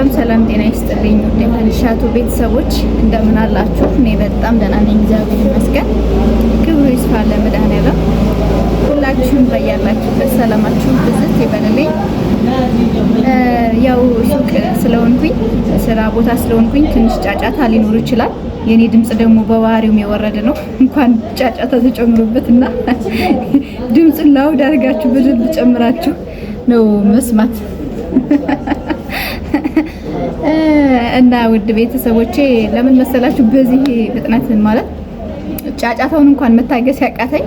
ሰላም ሰላም፣ ጤና ይስጥልኝ ውድ የመልሻቱ ቤተሰቦች እንደምን አላችሁ? እኔ በጣም ደህና ነኝ፣ እግዚአብሔር ይመስገን። ክብሩ ይስፋ ለመድኃኔዓለም። ሁላችሁም በያላችሁበት ሰላማችሁን ብዝት ይበልልኝ። ያው ሱቅ ስለሆንኩኝ ስራ ቦታ ስለሆንኩኝ ትንሽ ጫጫታ ሊኖር ይችላል። የኔ ድምፅ ደግሞ በባህሪውም የወረደ ነው። እንኳን ጫጫታ ተጨምሮበት እና ድምፁን ላውድ አድርጋችሁ በደንብ ጨምራችሁ ነው መስማት እና ውድ ቤተሰቦቼ ለምን መሰላችሁ በዚህ ፍጥነት ማለት ጫጫታውን እንኳን መታገስ ያቃተኝ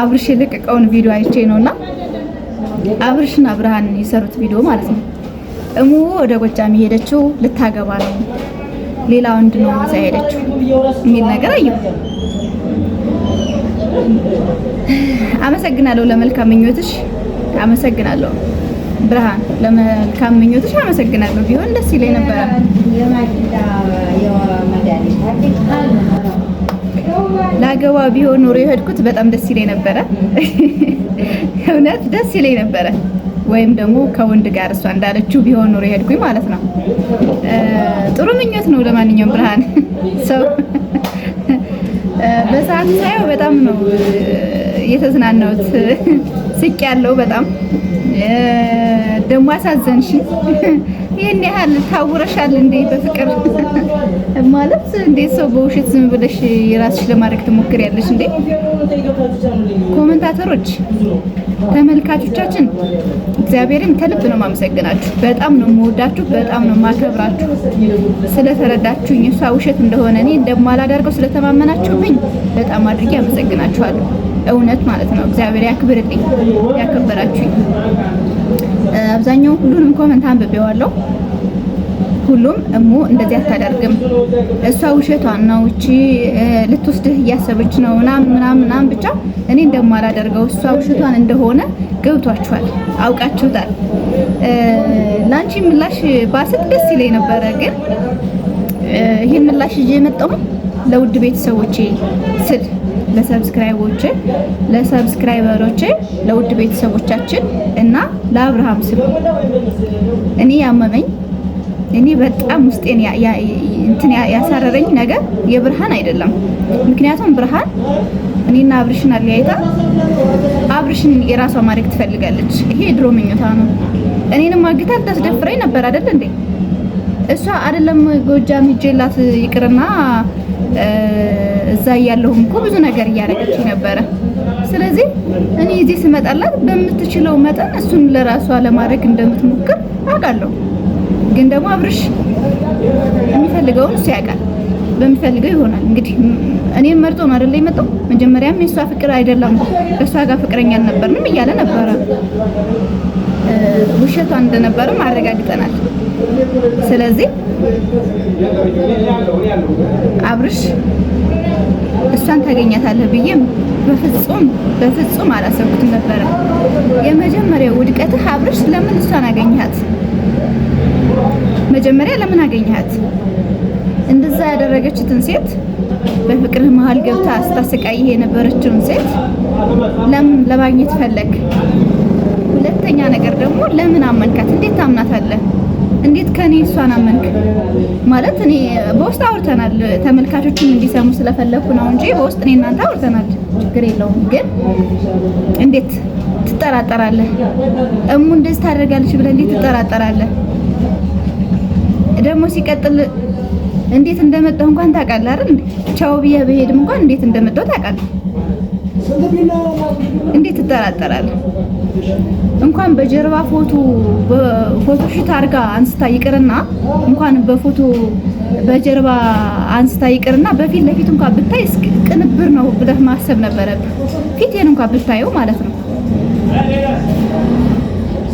አብርሽ የለቀቀውን ቪዲዮ አይቼ ነውና አብርሽና ብርሃን የሰሩት ቪዲዮ ማለት ነው። እሙ ወደ ጎጃም የሄደችው ልታገባ ነው፣ ሌላ ወንድ ነው እዛ ሄደችው የሚል ነገር አየሁ። አመሰግናለሁ ለመልካም ምኞትሽ፣ አመሰግናለሁ። ብርሃን ለመልካም ምኞትሽ አመሰግናለሁ። ቢሆን ደስ ይለኝ ነበረ። ለአገባ ቢሆን ኖሮ የሄድኩት በጣም ደስ ይለኝ ነበረ። እውነት ደስ ይለኝ ነበረ። ወይም ደግሞ ከወንድ ጋር እሷ እንዳለችው ቢሆን ኖሮ የሄድኩኝ ማለት ነው። ጥሩ ምኞት ነው። ለማንኛውም ብርሃን ሰው በሰዓት ሳየው በጣም ነው የተዝናናሁት። ስቅ ያለው በጣም ደግሞ አሳዘንሽ። ይህን ያህል ታውረሻል እንዴ? በፍቅር ማለት እንዴ ሰው በውሸት ዝም ብለሽ የራስሽ ለማድረግ ትሞክሪያለሽ እንዴ? ኮመንታተሮች፣ ተመልካቾቻችን እግዚአብሔርን ከልብ ነው ማመሰግናችሁ። በጣም ነው የምወዳችሁ፣ በጣም ነው ማከብራችሁ። ስለተረዳችሁኝ እሷ ውሸት እንደሆነ እኔ እንደማላደርገው ስለተማመናችሁብኝ በጣም አድርጌ አመሰግናችኋለሁ። እውነት ማለት ነው። እግዚአብሔር ያክብርልኝ ያከበራችሁኝ አብዛኛው ሁሉንም ኮመንት አንብቤዋለሁ። ሁሉም እሙ እንደዚህ አታደርግም፣ እሷ ውሸቷን ነው፣ እቺ ልትወስድህ እያሰበች ነው ምናምን ምናምን ምናምን። ብቻ እኔ እንደማላደርገው እሷ ውሸቷን እንደሆነ ገብቷችኋል፣ አውቃችሁታል። ለአንቺ ምላሽ ባስት ደስ ይለኝ ነበረ፣ ግን ይህን ምላሽ ይዤ የመጣሁኝ ለውድ ቤተሰቦቼ ስል ለሰብስክራይቦቼ፣ ለሰብስክራይበሮቼ፣ ለውድ ቤተሰቦቻችን እና ለአብርሃም ስም እኔ ያመመኝ እኔ በጣም ውስጤን እንትን ያሳረረኝ ነገር የብርሃን አይደለም። ምክንያቱም ብርሃን እኔና አብርሽን አለያይታ አብርሽን የራሷ ማድረግ ትፈልጋለች። ይሄ ድሮ ምኞታ ነው። እኔንም አግታ ልታስደፍረኝ ነበር አይደል እንዴ? እሷ አይደለም ጎጃም ሂጄላት ይቅርና እዛ እያለሁም እኮ ብዙ ነገር እያደረገች ነበረ። ስለዚህ እኔ እዚህ ስመጣላት በምትችለው መጠን እሱን ለራሷ ለማድረግ እንደምትሞክር አውቃለሁ። ግን ደግሞ አብርሽ የሚፈልገውን እሱ ያውቃል፣ በሚፈልገው ይሆናል። እንግዲህ እኔም መርጦ ነው አይደለ የመጣው። መጀመሪያም የእሷ ፍቅር አይደለም ከእሷ ጋር ፍቅረኛ አልነበርንም እያለ ነበረ። ውሸቷ እንደነበረም አረጋግጠናል። ስለዚህ አብርሽ እሷን ታገኛታለህ ብዬም በፍጹም በፍጹም አላሰብኩትም ነበረ። የመጀመሪያው ውድቀትህ አብርሽ፣ ለምን እሷን አገኘሃት? መጀመሪያ ለምን አገኘሃት? እንደዛ ያደረገችትን ሴት በፍቅርህ መሀል ገብታ ስታሰቃይህ የነበረችውን ሴት ለምን ለማግኘት ፈለግ? ሁለተኛ ነገር ደግሞ ለምን አመንካት? እንዴት ታምናታለህ? እንዴት ከኔ እሷን አመንክ? ማለት እኔ በውስጥ አውርተናል። ተመልካቾችም እንዲሰሙ ስለፈለኩ ነው እንጂ በውስጥ እኔ እናንተ አውርተናል፣ ችግር የለውም። ግን እንዴት ትጠራጠራለህ? እሙ እንደዚህ ታደርጋለች ብለህ እንዴት ትጠራጠራለህ? ደግሞ ሲቀጥል እንዴት እንደመጣሁ እንኳን ታውቃለህ አይደል? ቻው ብዬ በሄድም እንኳን እንዴት እንደመጣሁ ታውቃለህ። እንዴት ትጠራጠራለህ? እንኳን በጀርባ ፎቶ ፎቶ ሹት አድርጋ አንስታ ይቅርና እንኳን በፎቶ በጀርባ አንስታ ይቅርና በፊት ለፊት እንኳን ብታይ ቅንብር ነው ብለህ ማሰብ ነበረብህ። ፊቴን እንኳን ብታየው ማለት ነው።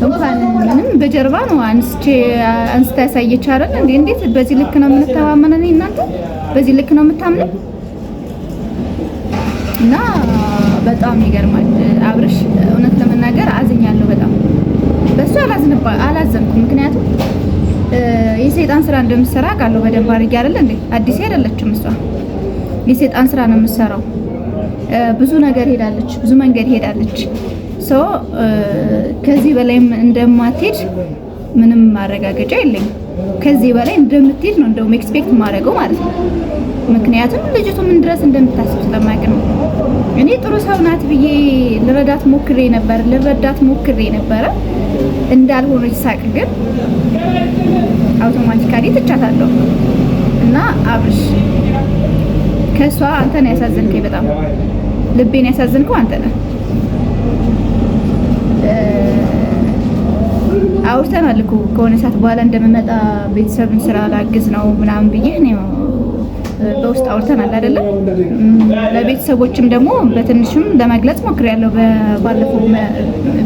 እንኳን ምንም በጀርባ ነው አንስቼ አንስታ ያሳየች አይደል እንዴ? እንዴት በዚህ ልክ ነው የምንተማመነን? እናንተ በዚህ ልክ ነው የምታምነው እና በጣም ይገርማል አብርሽ እውነት ነገር አዝኛለሁ በጣም በሱ አላዘንኩ። ምክንያቱም የሰይጣን ስራ እንደምትሰራ ቃለሁ በደንብ አድርጌ አይደለ እንዴ? አዲስ አይደለችም እሷ የሰይጣን ስራ ነው የምትሰራው። ብዙ ነገር ሄዳለች፣ ብዙ መንገድ ሄዳለች። ከዚህ በላይም እንደማትሄድ ምንም ማረጋገጫ የለኝም። ከዚህ በላይ እንደምትሄድ ነው እንደውም ኤክስፔክት ማድረገው ማለት ነው። ምክንያቱም ልጅቱ ምን ድረስ እንደምታስብ ስለማያውቅ ነው። እኔ ጥሩ ሰው ናት ብዬ ልረዳት ሞክሬ ነበር ልረዳት ሞክሬ ነበረ እንዳልሆነች ሳቅ ግን አውቶማቲካሊ ትቻታለሁ። እና አብርሽ ከእሷ አንተ ነው ያሳዘንከኝ፣ በጣም ልቤን ያሳዘንከው አንተ ነህ። አውርተናል እኮ ከሆነ ሰዓት በኋላ እንደምመጣ ቤተሰብን ስራ ላግዝ ነው ምናምን ብዬ ነው በውስጥ አውርተናል አይደለም። ለቤተሰቦችም ደግሞ በትንሽም ለመግለጽ ሞክሬያለሁ ባለፈው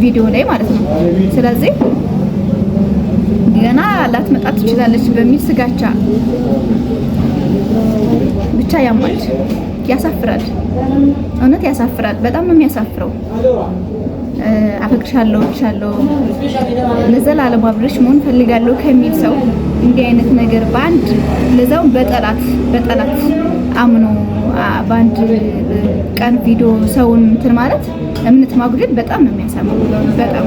ቪዲዮ ላይ ማለት ነው። ስለዚህ ገና ላትመጣ ትችላለች በሚል ስጋቻ ብቻ ያማል፣ ያሳፍራል። እውነት ያሳፍራል። በጣም ነው የሚያሳፍረው። አፈቅርሻለሁ ብሻለሁ ለዘላለም አብረሽ መሆን ፈልጋለሁ ከሚል ሰው እንዲህ አይነት ነገር በአንድ ለዛው በጠላት በጠላት አምኖ በአንድ ቀን ቪዲዮ ሰውን እንትን ማለት እምነት ማጉደል በጣም ነው የሚያሳመው። በጣም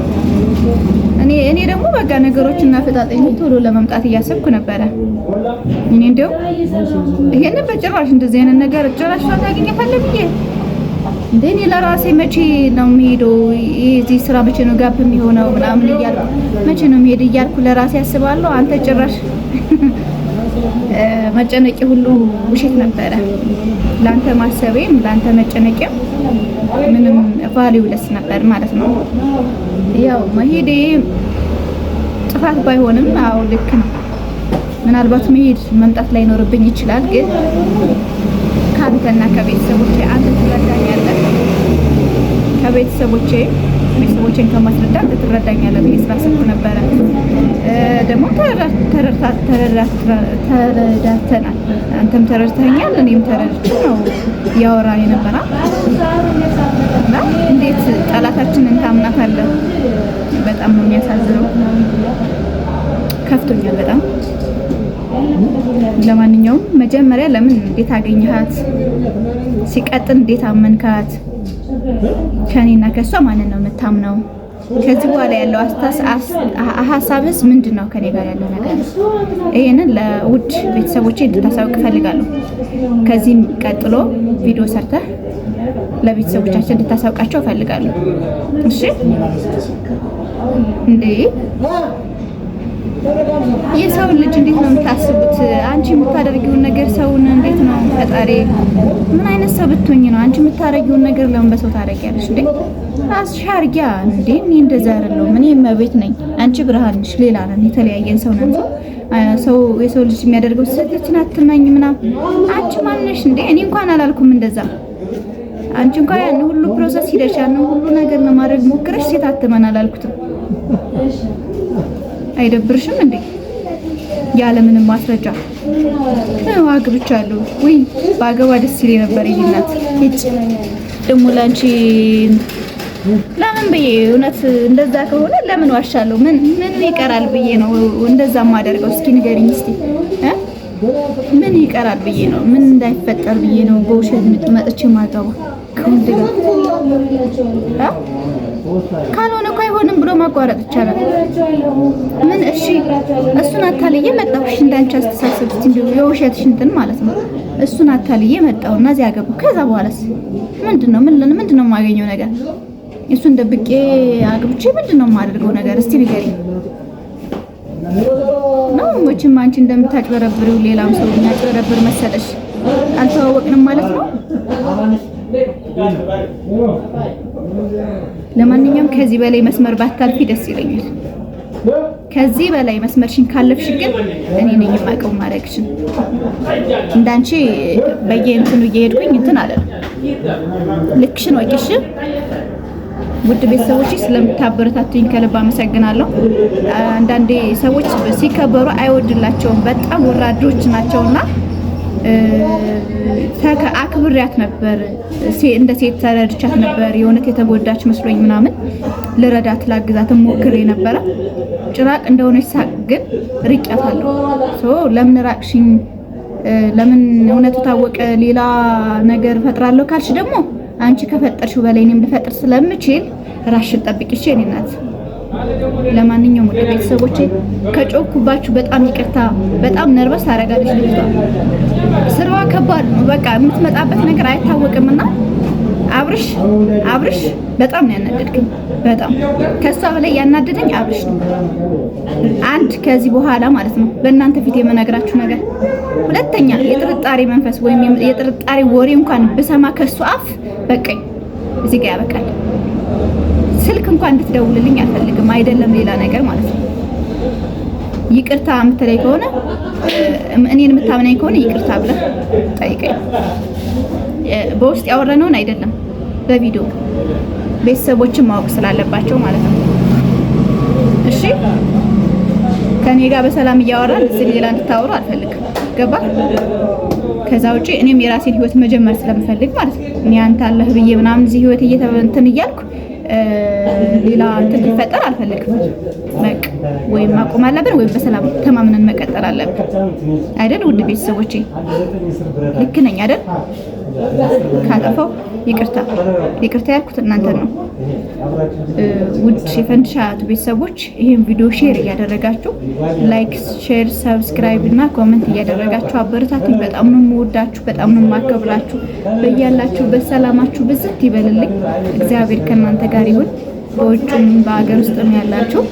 እኔ እኔ ደግሞ በቃ ነገሮችን እና ፈጣጠኝ ቶሎ ለመምጣት እያሰብኩ ነበረ። እኔ እንደው ይሄንን በጭራሽ እንደዚህ አይነት ነገር ጭራሽ ታገኘ ፈለግዬ እንደ እኔ ለራሴ መቼ ነው የምሄደው የዚህ ስራ መቼ ነው ጋፕ የሚሆነው ምናምን እያልኩ መቼ ነው የምሄድ እያልኩ ለራሴ አስባለሁ። አንተ ጭራሽ መጨነቂ ሁሉ ውሸት ነበረ። ለአንተ ማሰቤም ለአንተ መጨነቂም ምንም ቫሊው ለስ ነበር ማለት ነው። ያው መሄዴ ጥፋት ባይሆንም አው ልክ ነው። ምናልባት መሄድ መምጣት ላይኖርብኝ ይችላል ግን ከአንተና ከቤተሰቦች አንተ ትረዳኛለህ ለቤተሰቦቼ ቤተሰቦቼን ከማስረዳት ትረዳኛለህ ብዬ ስላሰብኩ ነበረ። ደግሞ ተረዳተናል። አንተም ተረድተኛል፣ እኔም ተረድቼ ነው እያወራ የነበራ እና እንዴት ጠላታችንን ታምናታለህ? በጣም ነው የሚያሳዝነው። ከፍቶኛል በጣም። ለማንኛውም መጀመሪያ ለምን እንዴት አገኘሃት፣ ሲቀጥል እንዴት አመንካት ከእኔና ከእሷ ማንን ነው የምታምነው? ከዚህ በኋላ ያለው ሀሳብስ ምንድን ነው? ከኔ ጋር ያለው ነገር ይህንን ለውድ ቤተሰቦቼ እንድታሳውቅ እፈልጋለሁ። ከዚህም ቀጥሎ ቪዲዮ ሰርተህ ለቤተሰቦቻችን እንድታሳውቃቸው እፈልጋለሁ። እሺ እንዴ የሰውን ልጅ እንዴት ነው የምታስቡት? አንቺ የምታደርጊውን ነገር ሰውን እንዴት ነው ፈጣሪ፣ ምን አይነት ሰው ብትሆኝ ነው አንቺ የምታደርጊውን ነገር ለምን በሰው ታደርጊያለሽ እንዴ? ራስሽ አርጊያ እንዴ። እኔ እንደዛ አይደለሁም። እኔ እመቤት ነኝ፣ አንቺ ብርሃን ነሽ፣ ሌላ ነን፣ የተለያየን ሰው ነን። ሰው የሰው ልጅ የሚያደርገው ስህተትን አትመኝ ምናምን። አንቺ ማነሽ እንዴ? እኔ እንኳን አላልኩም እንደዛ አንቺ እንኳን ያን ሁሉ ፕሮሰስ ሂደሽ ያን ሁሉ ነገር ለማድረግ ሞክረሽ ሴት አትመን አላልኩትም። አይደብርሽም እንዴ? ያለምንም ማስረጃ አግብቻለሁ ወይ በአገባ ደስ ሲል ነበር። ይናት እጭ ደግሞ ላንቺ ለምን ብዬ እውነት እንደዛ ከሆነ ለምን ዋሻለሁ? ምን ምን ይቀራል ብዬ ነው እንደዛ ማደርገው? እስኪ ንገሪኝ እስቲ ምን ይቀራል ብዬ ነው ምን እንዳይፈጠር ብዬ ነው በውሸት መጥቼ ማገባ ከወንድ ጋር ካልሆነ እኮ አይሆንም ብሎ ማቋረጥ ይቻላል። ምን እሺ፣ እሱን አታልዬ መጣሁሽ እንዳንቺ አስተሳሰብት እንዲሁ የውሸትሽ እንትን ማለት ነው። እሱን አታልዬ መጣሁ እና እዚያ ገቡ። ከዛ በኋላስ ምንድነው? ምን ምንድነው የማገኘው ነገር? እሱን ደብቄ አግብቼ ምንድነው የማደርገው ነገር? እስቲ ንገሪኝ ነው ወችም አንቺ እንደምታጭበረብሪው ሌላም ሰው የሚያጭበረብር መሰለሽ? አልተዋወቅንም ማለት ነው። ለማንኛውም ከዚህ በላይ መስመር ባታልፊ ደስ ይለኛል። ከዚህ በላይ መስመርሽን ካለፍሽ ግን እኔ ነኝ የማውቀው ማድረግሽን። እንዳንቺ በየእንትኑ እየሄድኩኝ እንትን አለ ልክሽን ወቂሽ። ውድ ቤተሰቦች ስለምታበረታቱኝ ከልብ አመሰግናለሁ። አንዳንዴ ሰዎች ሲከበሩ አይወድላቸውም፣ በጣም ወራዶች ናቸውና አክብሪያት ነበር። እንደ ሴት ተረድቻት ነበር። የእውነት የተጎዳች መስሎኝ ምናምን ልረዳት ላግዛት ሞክሬ ነበረ። ጭራቅ እንደሆነች ሳቅ ግን ርቂያታለሁ። ለምን ራቅሽኝ? ለምን እውነቱ ታወቀ ሌላ ነገር እፈጥራለሁ ካልሽ ደግሞ አንቺ ከፈጠርሽው በላይ እኔም ልፈጥር ስለምችል ራስሽን ጠብቂሽ የኔ ናት። ለማንኛውም ወደ ቤተሰቦቼ ከጮኩባችሁ በጣም ይቅርታ። በጣም ነርቨስ ታደርጋለች ልጅቷ። ስራዋ ከባድ ነው። በቃ የምትመጣበት ነገር አይታወቅም እና አብርሽ አብርሽ በጣም ነው ያናደድክኝ። በጣም ከሷ በላይ ያናደደኝ አብርሽ ነው። አንድ ከዚህ በኋላ ማለት ነው በእናንተ ፊት የምነግራችሁ ነገር፣ ሁለተኛ የጥርጣሬ መንፈስ ወይም የጥርጣሬ ወሬ እንኳን ብሰማ ከሱ አፍ በቀኝ። እዚህ ጋር ያበቃል። ስልክ እንኳን እንድትደውልልኝ አልፈልግም። አይደለም ሌላ ነገር ማለት ነው። ይቅርታ የምትለኝ ከሆነ እኔን የምታምናኝ ከሆነ ይቅርታ ብለህ ጠይቀኝ። በውስጥ ያወራነውን አይደለም በቪዲዮ ቤተሰቦችን ማወቅ ስላለባቸው ማለት ነው። እሺ ከኔ ጋር በሰላም እያወራን እዚህ ሌላ እንድታወሩ አልፈልግም። ገባ? ከዛ ውጪ እኔም የራሴን ህይወት መጀመር ስለምፈልግ ማለት ነው። እኔ አንተ አለህ ብዬ ምናምን እዚህ ህይወት እየተበንትን እያልኩ ሌላ እንትን ሊፈጠር አልፈልግም። መቅ ወይም ማቆም አለብን ወይም በሰላም ተማምነን መቀጠል አለብን አይደል? ውድ ቤተሰቦቼ ልክ ነኝ አይደል? ካጠፋው ይቅርታ፣ ይቅርታ ያልኩት እናንተን ነው። ውድ የፈንድሻ አያት ቤተሰቦች ይህን ቪዲዮ ሼር እያደረጋችሁ ላይክ፣ ሼር፣ ሰብስክራይብ እና ኮመንት እያደረጋችሁ አበረታትኝ። በጣም ነው የምወዳችሁ፣ በጣም ነው የማከብራችሁ። በያላችሁበት ሰላማችሁ ብዝት ይበልልኝ። እግዚአብሔር ከእናንተ ጋር ይሁን። በውጭም በሀገር ውስጥም ያላችሁ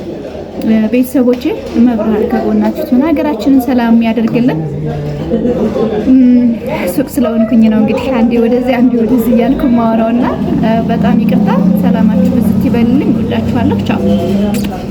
ቤተሰቦቼ መብርሃን ከጎናችሁ ትሆን፣ ሀገራችንን ሰላም ያደርግልን። ሱቅ ስለሆንኩኝ ነው እንግዲህ አንዴ ወደዚህ አንዴ ወደዚህ እያልኩ ማወራውና፣ በጣም ይቅርታ። ሰላማችሁ ብዝት ይበልልኝ። ወዳችኋለሁ። ቻው